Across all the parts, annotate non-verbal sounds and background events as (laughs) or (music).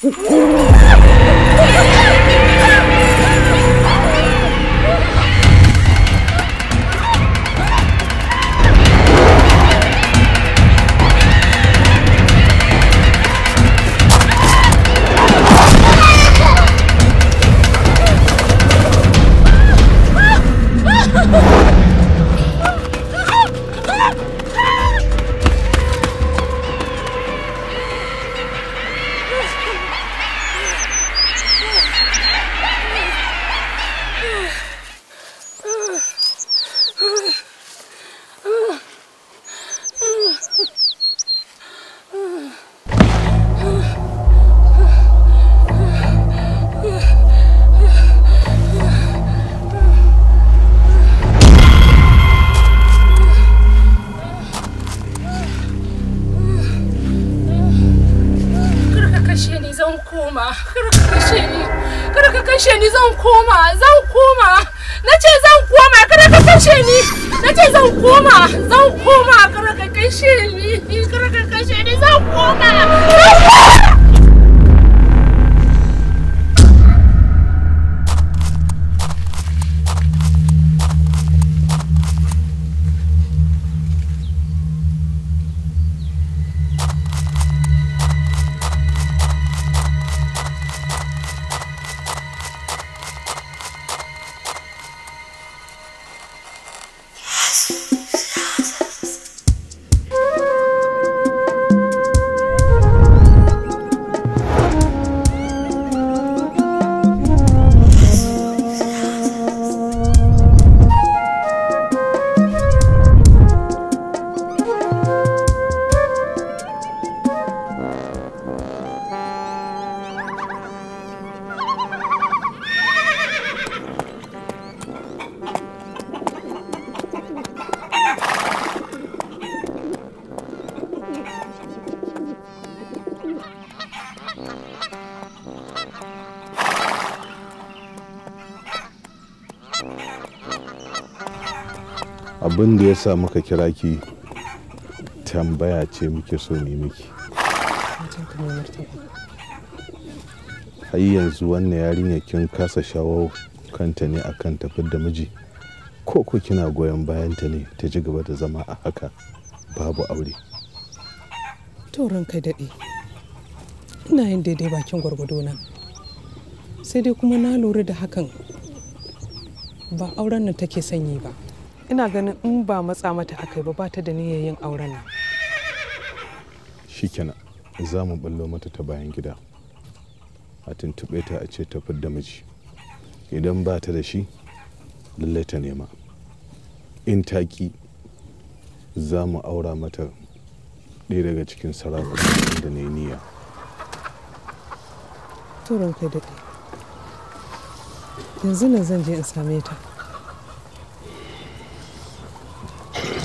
Oh, my God. 谢你，那就让我嘛，让我嘛，搁那还感谢你，搁那还感谢你，让我嘛。abin da ya sa muka kira ki tambaya ce muke so ne miki har yanzu wannan yarinya kin kasa shawo kanta ne akan tafiyar da miji ko ko kina goyon bayanta ne ta ji gaba da zama a haka babu aure turin kai daɗe ina yin daidai bakin gwargwado na sai dai kuma na lura da hakan ba auren nan take sanyi ba ina ganin in ba matsa mata akai ba ba ta da niyyar yin auren nan shikenan za mu ballo mata ta bayan gida a tuntuɓe ta a ce ta da miji idan ba ta da shi lallai ta nema in taki za mu aura mata ɗaya daga cikin sarakunan da na yi niyya kai daɗe yanzu nan zan je in same ta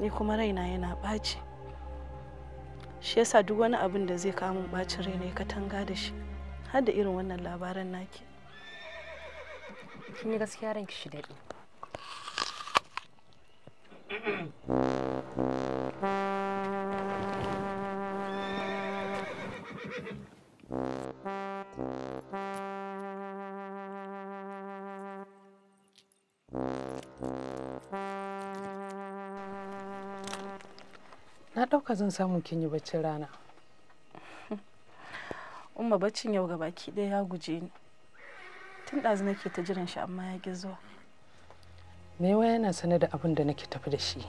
ni kuma raina yana ɓaci shi yasa duk wani abin da zai kawo min ɓacin rai ne katanga da shi har da irin wannan labaran naki kin yi gaskiya ranki shi daɗi na ɗauka zan samu kin yi baccin rana (laughs) umma baccin yau ga baki ɗaya ya guje ni tun ɗazu nake ta jiran shi amma ya ki zuwa mewa yana sanar da abin da nake tafi da shi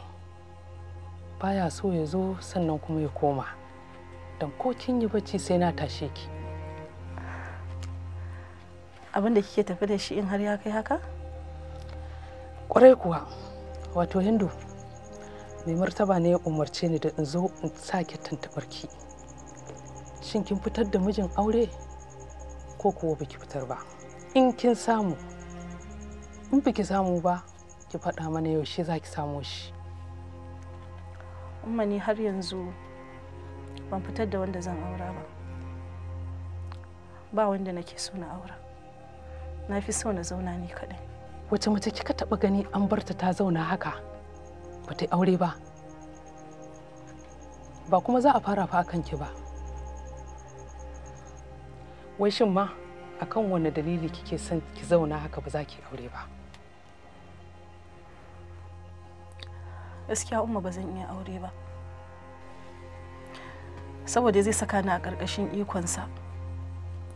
baya so ya zo sannan kuma ya koma don ko kin yi bacci sai na tashe ki abin da kike tafi da shi in har ya kai haka kwarai kuwa wato hindu mai martaba ne ya umarce ni da in zo in sake tantabar ki shin kin fitar da mijin aure ko kuwa baki fitar ba in kin samu in baki samu ba ki faɗa mana yaushe za ki samu shi umma ni har yanzu ban fitar da wanda zan aura ba ba wanda nake so na aura na fi so na zauna ni kaɗai wace mace kika taɓa gani an barta ta zauna haka ba ta aure ba ba kuma za a fara fa akan ki ba wai shin ma akan wani dalili kike son ki zauna haka ba za ki aure ba gaskiya umma ba zan iya aure ba saboda zai saka ni a ƙarƙashin ikonsa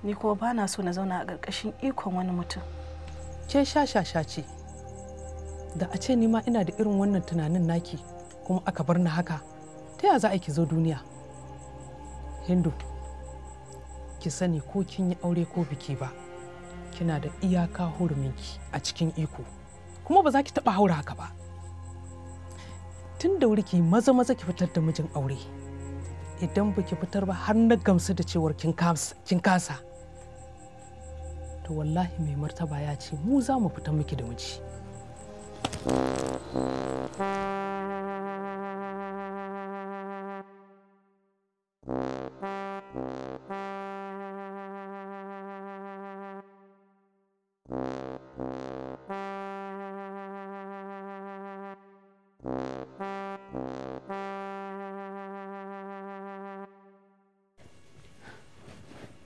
ni kuma ba na so na zauna a ƙarƙashin ikon wani mutum ke sha sha ce da a ce nima ina da irin wannan tunanin naki kuma aka bar ni haka ta ya za a ki zo duniya hindu ki sani ko kin yi aure ko biki ba kina da iyaka hurminki a cikin iko kuma ba za ki taɓa haura haka ba tun da wuri ki maza maza ki fitar da mijin aure idan ba ki fitar ba har na gamsu da cewar kin kasa to wallahi mai martaba ya ce mu za mu fita miki da miji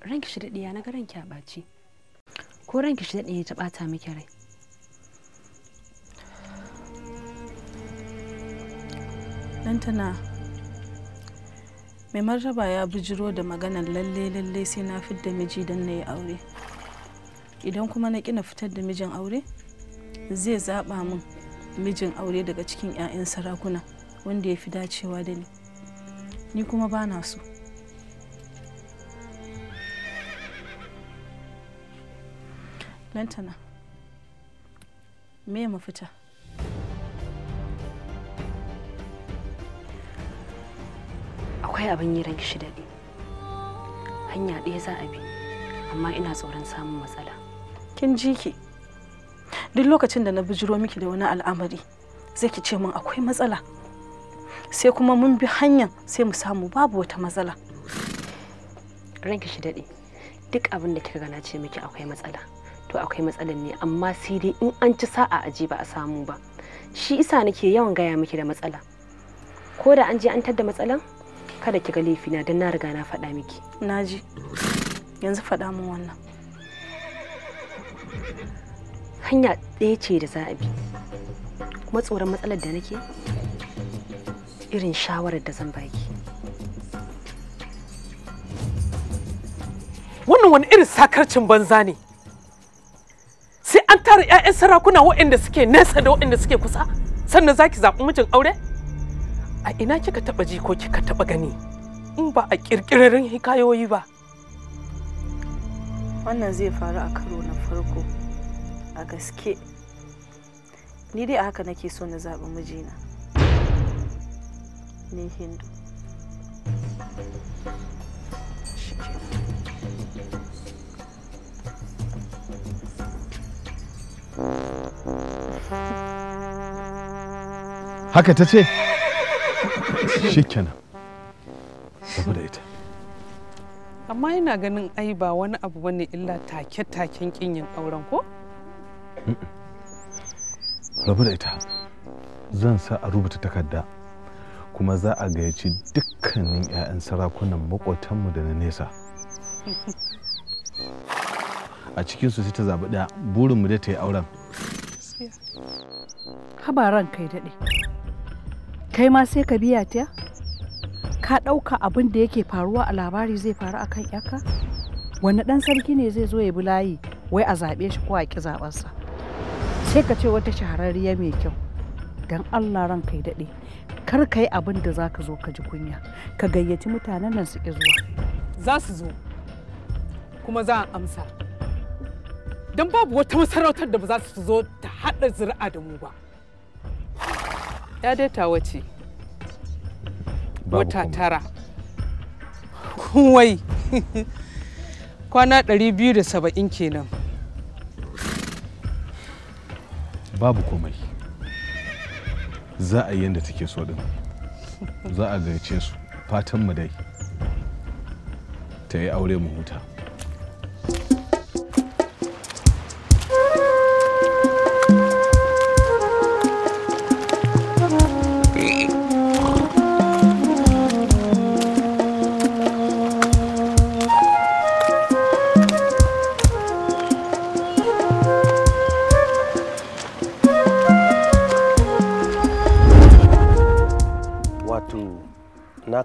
ranki shi daɗi ya na ranki a ɓaci ko ranki shi daɗi ya ta miki rai nan mai martaba ya bijiro da maganar lalle lalle sai na fidda miji don na yi aure idan kuma na kina fitar da mijin aure zai zaɓa min mijin aure daga cikin 'ya'yan sarakuna wanda ya fi dacewa da ni ni kuma ba na so lantana me mafita akwai abin yi ranki shi daɗi hanya ɗaya za a bi amma ina tsoron samun matsala kin ji ki duk lokacin da na bijiro miki da wani al'amari zai ki ce min akwai matsala sai kuma mun bi hanyar sai mu samu babu wata matsala ranki shi daɗi duk abin da kika gana ce miki akwai matsala to akwai matsalar ne amma sai dai in an ci sa'a a ji ba a samu ba shi isa nake yawan gaya miki da matsala ko da an je an tadda matsalan kada ki ga laifina don na riga na faɗa miki naji yanzu faɗa min wannan hanya ɗaya ce da za a bi kuma tsoron matsalar da nake irin shawarar da zan baki wannan wani irin sakarcin banza ne sai an tara 'ya'yan sarakuna waɗanda suke nesa da waɗanda suke kusa sannan zaki zaɓi mijin aure a ina kika taba ji ko kika taba gani in ba a kirkirarin hikayoyi ba wannan zai faru a karo na farko a gaske ni dai a haka nake so na zaɓi mijina ni hindu haka ta ce shikenan tafi da ita amma ina ganin ai ba wani abu bane illa take-taken kin yin auren ko rabu da ita zan sa a rubuta takarda kuma za a gayyaci dukkanin 'ya'yan sarakunan makotanmu da na nesa (laughs) a cikin sai ta zaɓi ɗaya burinmu da ta yi auren haba ran kai daɗe kai ma sai ka biya ta ka ɗauka abin da yake faruwa a labari zai faru a kan yaka wani ɗan sarki ne zai zo ya bi layi wai a zaɓe shi ko a ƙi zaɓensa sai ka ce wata shahararriya mai kyau don allah ran kai daɗe kar ka yi abin da za ka zo ka ji kunya ka gayyaci mutanen nan su ƙi zuwa za su zo kuma za a amsa don babu wata masarautar da ba za su zo ta haɗa zuri'a da mu ba ya dai ta wace wata tara wai (laughs) kwana 270 kenan babu komai za a yi yadda take so din za a gaice su fatan mu dai ta yi aure mu huta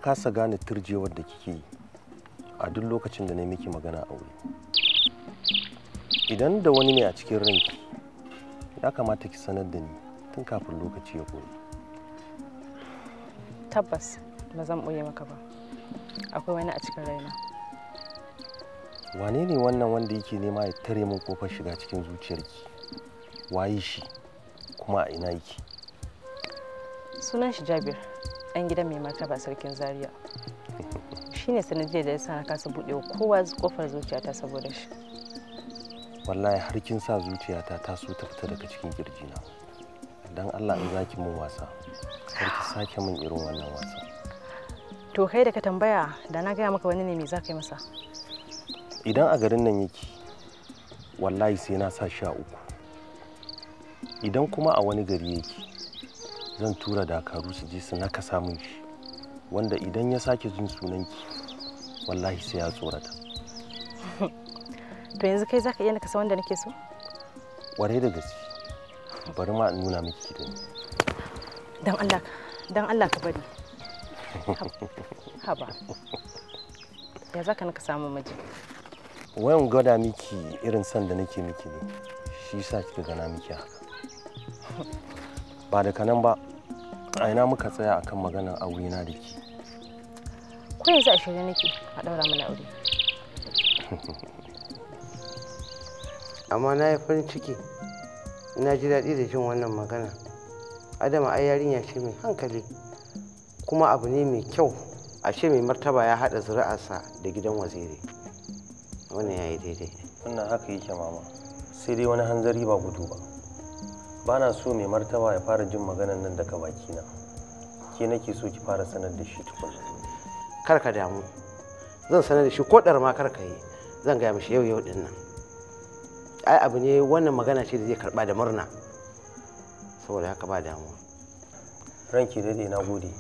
kasa gane turjewar da kike yi a duk lokacin da na miki magana aure idan da wani ne a cikin ranki ya kamata ki sanar da ni tun kafin lokaci ya koyi tabbas ba zan ɓoye maka ba akwai wani a cikin raina wane ne wannan wanda yake nema ya tare min kofar shiga cikin zuciyarki waye shi kuma a ina yake sunan shi jabir ɗan gidan mai martaba sarkin zaria shine sanadiyar da ya sa na kasa buɗe wa kowa kofar zuciyata saboda shi wallahi har kin sa zuciyata ta so ta fita daga cikin kirjina dan Allah in zaki mun wasa har ki sake min irin wannan wasa to kai da ka tambaya da na gaya maka wani ne me za ka yi masa idan a garin nan yake wallahi sai na sa sha uku idan kuma a wani gari yake zan tura dakaru su je su naka samun shi wanda idan ya sake jin sunanki wallahi sai ya tsorata to yanzu kai zaka iya naka san wanda nake so ware da gaske bari ma in nuna miki da ni dan Allah dan Allah ka bari haba ya zaka naka samu miji wayan gwada miki irin san da nake miki ne shi sa kika gana miki haka ba da kanan ba a ina muka tsaya a kan maganar aure na da ke ko yanzu a shirye nake a daura mana aure (laughs) amma na yi farin ciki na ji daɗi da jin wannan magana adama ai yarinya ce mai hankali kuma abu ne mai kyau ashe mai martaba ya haɗa zuri'arsa da gidan waziri wannan ya yi daidai wannan haka yake mama sai dai wani hanzari ba gudu ba Bana so mai martaba ya fara jin maganan nan daga bakina ke nake so ki fara sanar da shi tukun kar ka damu zan sanar da shi ko ɗar ma kar ka yi zan gaya mishi yau yau din nan ai abu ne wannan magana ce da zai karɓa da murna saboda haka ba damu. ranki dade na gode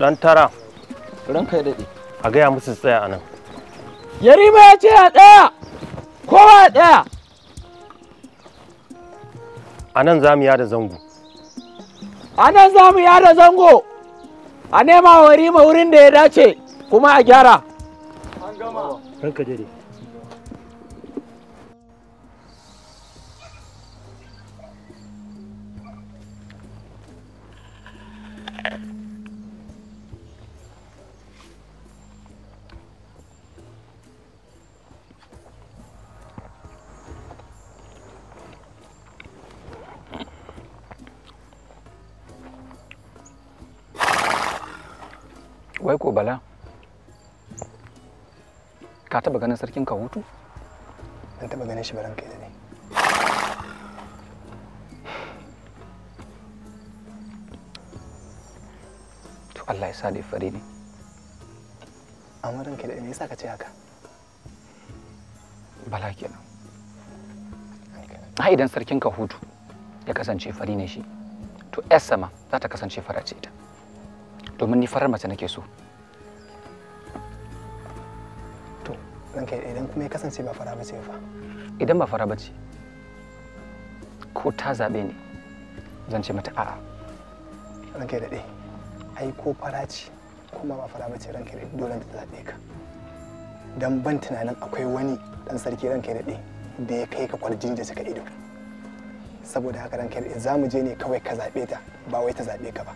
Dan tara. Ran kai daɗe. A gaya musu tsaya a nan. Yarima ya ce a tsaya. Kowa a tsaya. A nan za mu yada zango. A nan za mu yada zango. A nema wa Rima wurin da ya dace kuma a gyara. An gama. Ranka daɗe. wai ko bala ka taba ganin sarkin ka hutu ban taba ganin shi baran kai da ne to Allah ya sa da fare ne amma ranka da me yasa ka ce haka bala kenan ai idan sarkin ka hutu ya kasance fari ne shi to 'yar sama za ta kasance farace ce ita domin ni farar mace nake so to ranka idan kuma ya kasance ba fara bace fa idan ba fara bace ko ta zabe ni zan ce mata a'a ranka da dai. ai ko fara ce kuma ba fara bace ranka ya dole ta zabe ka dan ban tunanin akwai wani dan sarki ranka ya dade da ya kai ka kwarjini da suka ido saboda haka ranka ya dade za mu je ne kawai ka zabe ta ba wai ta zabe ka ba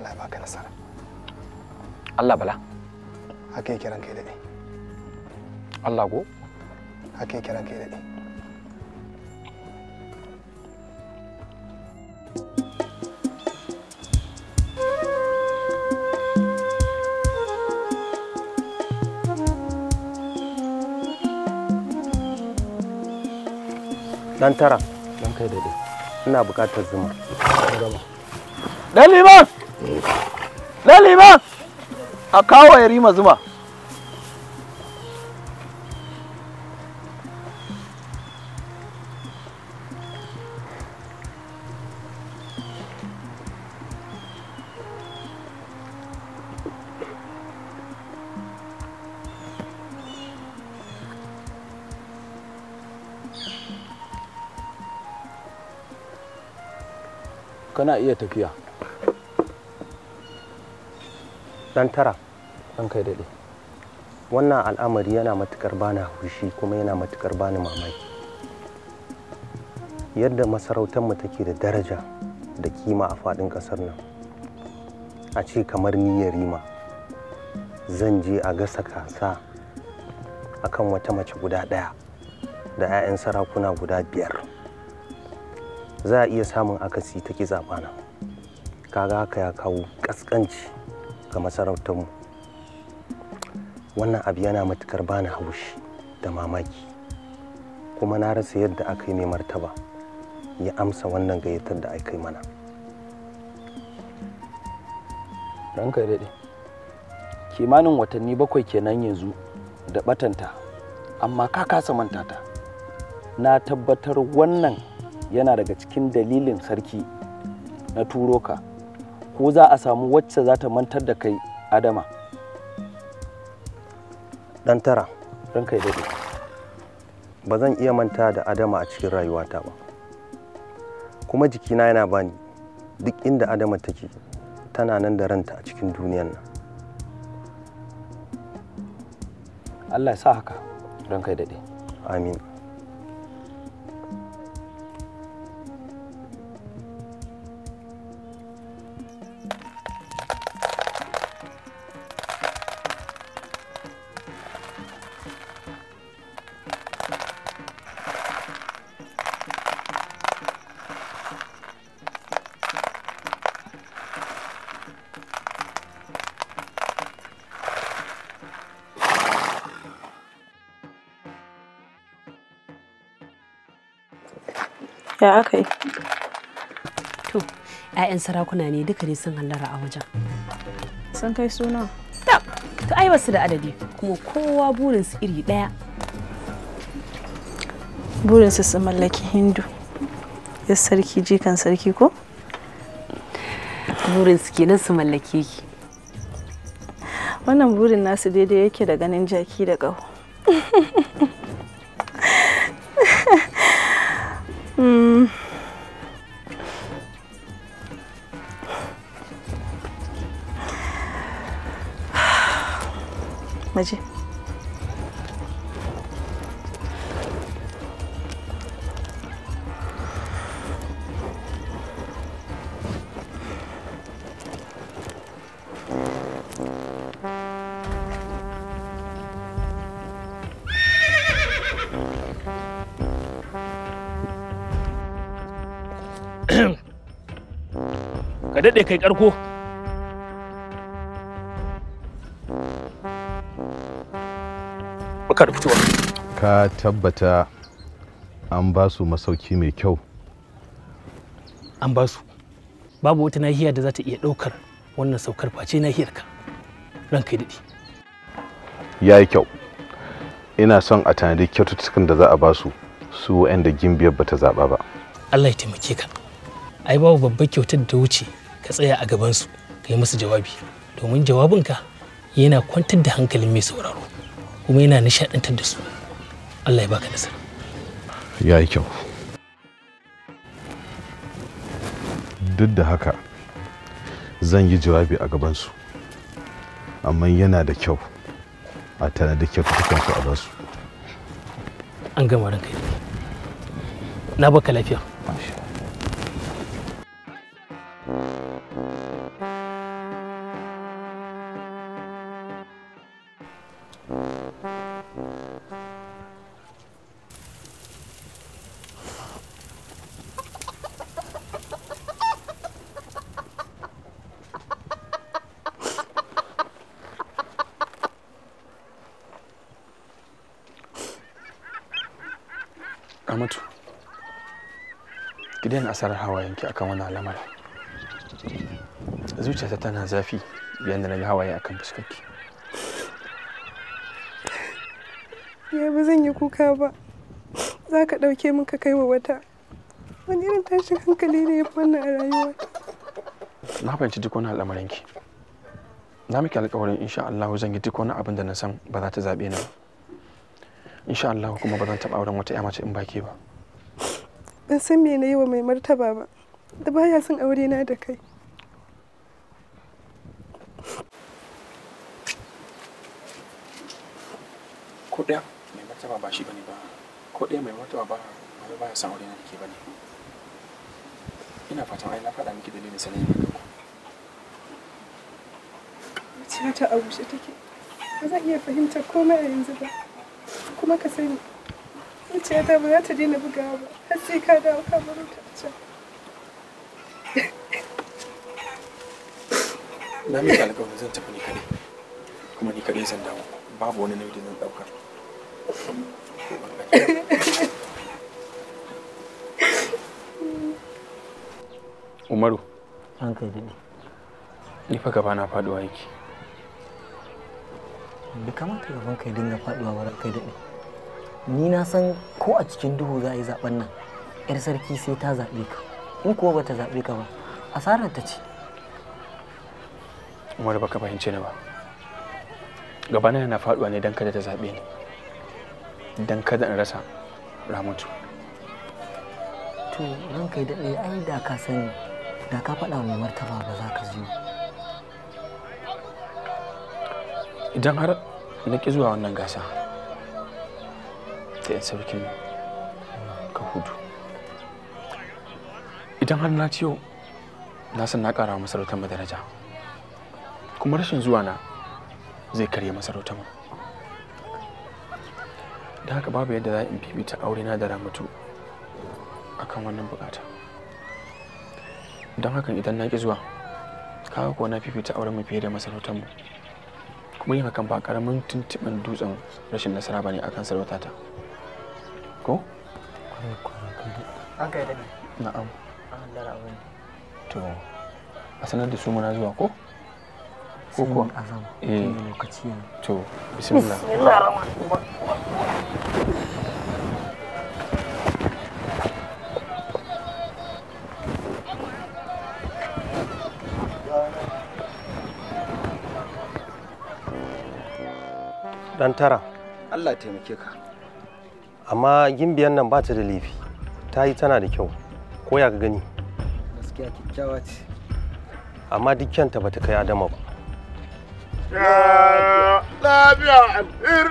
Allah ya baka nasara Allah bala haka yake ranka ya daɗe Allah go haka yake ranka ya daɗe Dan tara. Dan kai daidai. Ina buƙatar zuma. Dan liman! kai a kawo ya rima zuma kana iya tafiya dan tara an kai daɗe wannan al'amari yana matukar bani haushi kuma yana matukar bani mamaki yadda masarautar masarautarmu take da daraja da kima a faɗin ƙasar nan a ce kamar ni yarima. zan je a gasa kasa akan wata mace guda ɗaya da 'ya'yan sarakuna guda biyar za a iya samun akasi ta zabana kaga haka ya kawo ƙasƙanci ga mu, wannan abu yana matukar bani haushi da mamaki kuma na rasa yadda aka yi mai martaba ya amsa wannan gayyatar da aka yi mana ranka daɗe kimanin watanni bakwai kenan yanzu da batanta amma ka kasa manta ta na tabbatar wannan yana daga cikin dalilin sarki na turo ka ko za a samu wacce za ta mantar da kai adama dan tara ranka kai dade ba zan iya manta da adama a cikin rayuwata ba kuma jikina yana bani duk inda adama take tana nan da ranta a cikin duniyan nan Allah ya sa haka ranka kai dade amin ya aka yi to 'ya'yan sarakuna ne duka ne sun hallara a wajen sun kai suna ta ai su da adadi kuma kowa burinsu iri daya. burinsu su mallaki hindu ya sarki jikan sarki ko burinsu kenan su mallake ki wannan burin nasu daidai yake da ganin jaki da ƙaho (laughs) daɗe kai ƙarko baka da fitowa ka tabbata an ba su masauki mai kyau an ba su babu wata nahiya da za ta iya ɗaukar wannan saukar face nahiyar ka ranka daɗi ya yi kyau ina son a tanadi kyaututtukan da za a ba su su wa'anda gimbiyar ba ta zaɓa ba Allah ya taimake ka ai babu babbar kyautar da wuce ka tsaya a gabansu ka yi musu jawabi domin jawabinka yana kwantar da hankalin mai sauraro kuma yana nishadantar da su allah ya baka nasara ya yi kyau duk da haka zan yi jawabi a gabansu amma yana da kyau a tanadi kyaututtukansu a basu an gama ranka na baka lafiya Thank you. Amatu, ki daina asarar hawayenki akan wani lamarin. Zuciyata tana zafi yayin da na ga hawaye akan fuskarki. Ya ba zan yi kuka ba. Za ka ɗauke min ka kai wa wata. Wani irin tashin hankali ne ya fi a rayuwa. Na fahimci duk wani al'amarinki. Na miki alƙawarin insha Allah zan yi duk wani abin da na san ba za ta zaɓe ni ba. insha Allah kuma ba zan taɓa auren wata ya mace in baki ba ban san me na yi wa mai martaba ba da baya son aure na da kai ko ɗaya mai martaba ba shi bane ba ko ɗaya mai martaba ba wai baya son aure na da ke bane ina fatan ai na faɗa miki dalilin sanin da ku ta a take. Ba zan iya fahimtar komai a yanzu ba. kuma ka sani zuciyata ba za ta daina buga ba har sai ka dawo ka baro ta ce. can na miki alƙawarin zan tafi ni kaɗai kuma ni kaɗai zan dawo babu wani nauyi da zan ɗauka umaru an kai daɗi ni fa gaba na faɗuwa yake bai kamata gaban kai dinga faɗuwa ba kai daɗi ni na san ko a cikin duhu za a yi zaben nan yar sarki sai ta zaɓe ka in kuwa ba ta zaɓe ka ba asarar ta ce umar baka fahimce ni ba gabana yana faɗuwa ne don kada ta zaɓe ni don kada in rasa ramutu to nan kai daɗe ai da ka sani da ka faɗa mai martaba ba za ka zo idan har na ƙi zuwa wannan gasa ta yan sarkin ka hudu idan har na ciyo na san na ƙara masarautar mu daraja kuma rashin zuwa na zai karya masarautar mu da haka babu yadda za in bibita aure na da ramatu akan wannan bukata don hakan idan na ki zuwa kawo kuwa na fifita auren mu fiye da masarautar mu kuma yin hakan ba karamin tuntuɓin dutsen rashin nasara ba ne akan sarautata. ko? kwarai kwarai kwarai an kai da ne na'am an dara abin to a sanar da su muna zuwa ko? ko kuwa azam eh lokaci ne to bismillah bismillah dan tara Allah taimake ka amma gimbiyan nan ba ta da laifi ta yi tana da kyau ko ya ka gani gaskiya kyakkyawa ce amma dukkanta ba ta kai adama ba lafiya alhir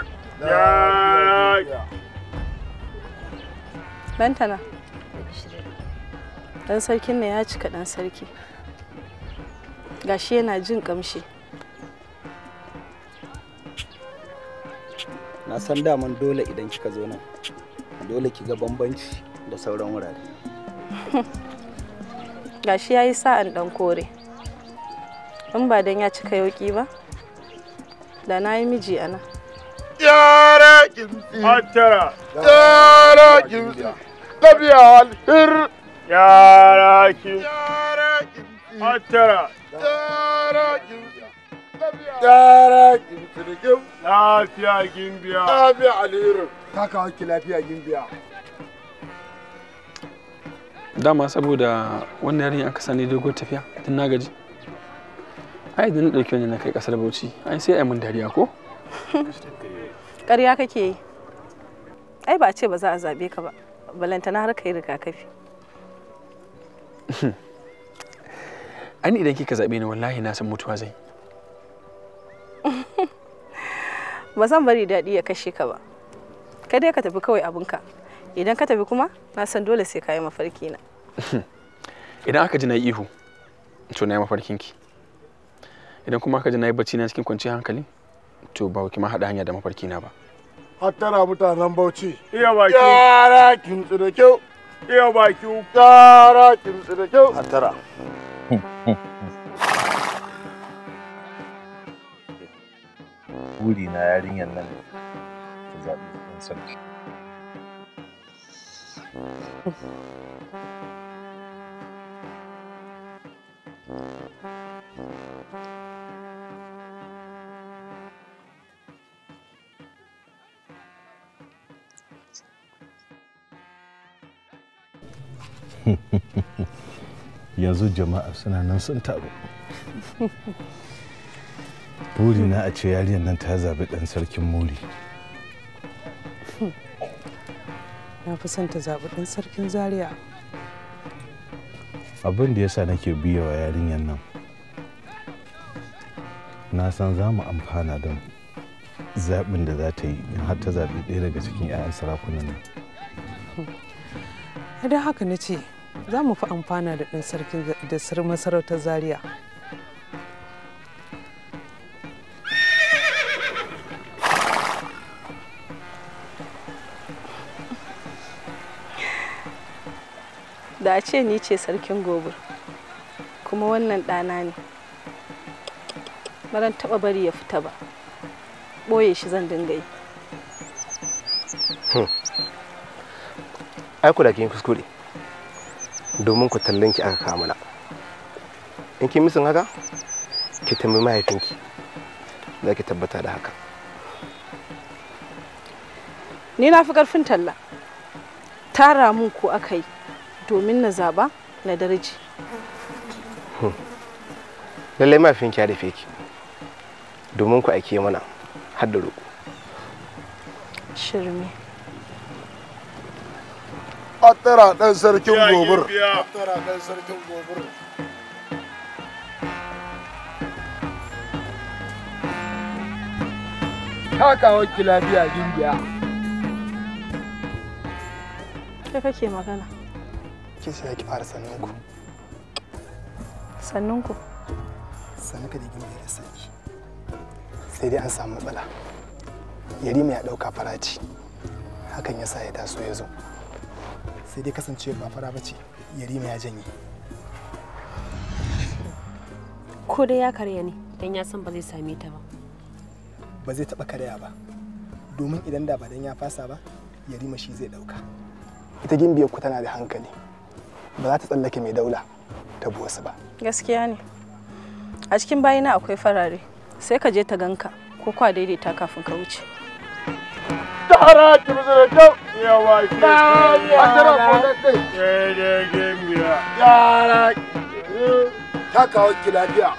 dan sarkin ne ya cika dan sarki gashi yana jin kamshi na san daman dole idan kika zo nan dole ki ga bambanci da sauran wurare (laughs) gashi ya yi sa'an dan kore in ba dan ya cika yauki ba da na yi miji a nan yara kimtsi atara yara kimtsi tabiya alhir yara kimtsi atara yara kimtsi tabiya Sirgin. Lafiya gimbiya. Lafiya aliru. Kaka wake lafiya gimbiya. Dama saboda wannan yarinya aka sani dogon tafiya tun na gaji. Ai da na ɗauki wani na kai ƙasar Bauchi, ai sai ai mun dariya ko? (laughs) Ƙarya kake yi. Ai ba a ce ba za a zaɓe ka ba. Balantana har kai rigakafi. Ani (laughs) idan kika zaɓe ni wallahi na san mutuwa zai. (laughs) ba zan bari daɗi ya kashe ka ba ka dai ka tafi kawai abinka idan ka tafi kuma na san dole sai ka yi mafarki na (laughs) idan aka ji na ihu to na yi mafarkin ki idan kuma aka ji na yi bacci na cikin kwanciyar hankali to ba ki ma haɗa hanya da mafarki na ba hattara mutanen bauchi iya baki yara kin da kyau iya baki yara kin da kyau hattara (laughs) buri na yarinyar nan ta zaɓi ɗan sarki (laughs) (laughs) yanzu jama'a suna nan sun taru (laughs) buri na a ce yariyar nan ta zabi ɗan sarkin muri na fi son ta zabi ɗan sarkin zaria abin da yasa nake biya wa yarinyar nan na san za mu amfana don zaɓin da za ta yi in har ta zabi ɗaya daga cikin 'ya'yan sarakunan nan idan haka na ce za mu fi amfana da ɗan sarkin da masarautar zaria da a ce ni ce sarkin gobe kuma wannan ɗana ne baran taɓa bari ya fita ba ɓoye shi zan dinga yi hmm. ai ku da kin kuskure domin ku tallinki aka kamala in kin misin haka ki tambayi mahaifinki za ki tabbata da haka ni na fi ƙarfin talla tara mun ko aka yi domin na zaba na daraji hmm. lallai mafin kya da feki domin ku ake mana har da roƙo shirme a tara ɗan sarkin gobir a tara ki lafiya gingiya. Kai kake magana. ke sai ki fara sannan ku sannan da gimbe da sanki sai dai an samu matsala yarima ya dauka faraci hakan ya sa ya taso ya zo sai dai kasance ba fara bace yarima ya janye ko dai ya karya ne dan ya san ba zai same ta ba ba zai taba karya ba domin idan da ba dan ya fasa ba yarima shi zai ɗauka. ita gimbiyar ku tana da hankali ba za ta tsallake mai daula ta bi wasu ba gaskiya ne a cikin bayina akwai farare sai ka je ta ganka ko kwa daidaita kafin ka wuce tara ki bi zai kyau ya wake a tara kwanan ɗai ya da gimbiya yara ta kawo ki lafiya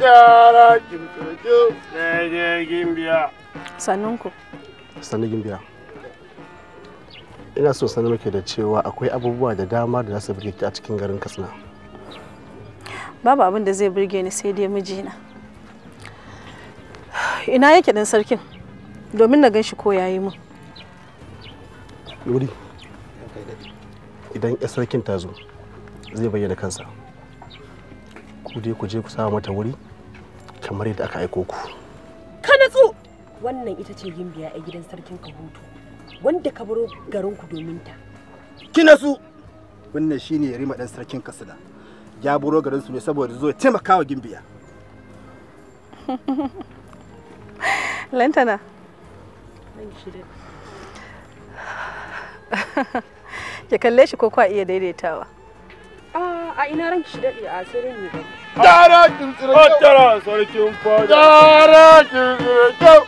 yara ki bi zai kyau ya da gimbiya sannunku sannu gimbiya ina so sanar muke da cewa akwai abubuwa da dama da za su burge a cikin garin katsina babu abin da zai burge ni sai dai mijina ina yake ɗan sarkin domin na gan shi ko yayi mun Lori, idan ya sarkin ta zo zai bayyana kansa ku dai ku je ku sa mata wuri kamar yadda aka aiko ku ka natsu wannan ita ce gimbiya a gidan sarkin hutu wanda ka baro garin ku domin ta kina su wannan shine rima dan sarkin kasida ya buro garin su ne saboda zo taimaka wa gimbiya (laughs) lantana ki kalle shi ko kwa iya daidaitawa a ina ranki shi daɗe a sirrin ne ba dara kin tsira dara sarkin fada dara kin tsira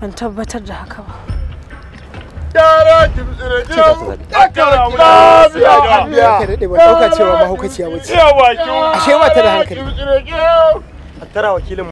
ban tabbatar da haka ba Yara kimtsire gidan akara Ka daɗe ɗauka cewa mahaukaciya wace. Ashe ba ta da hankali. wakilin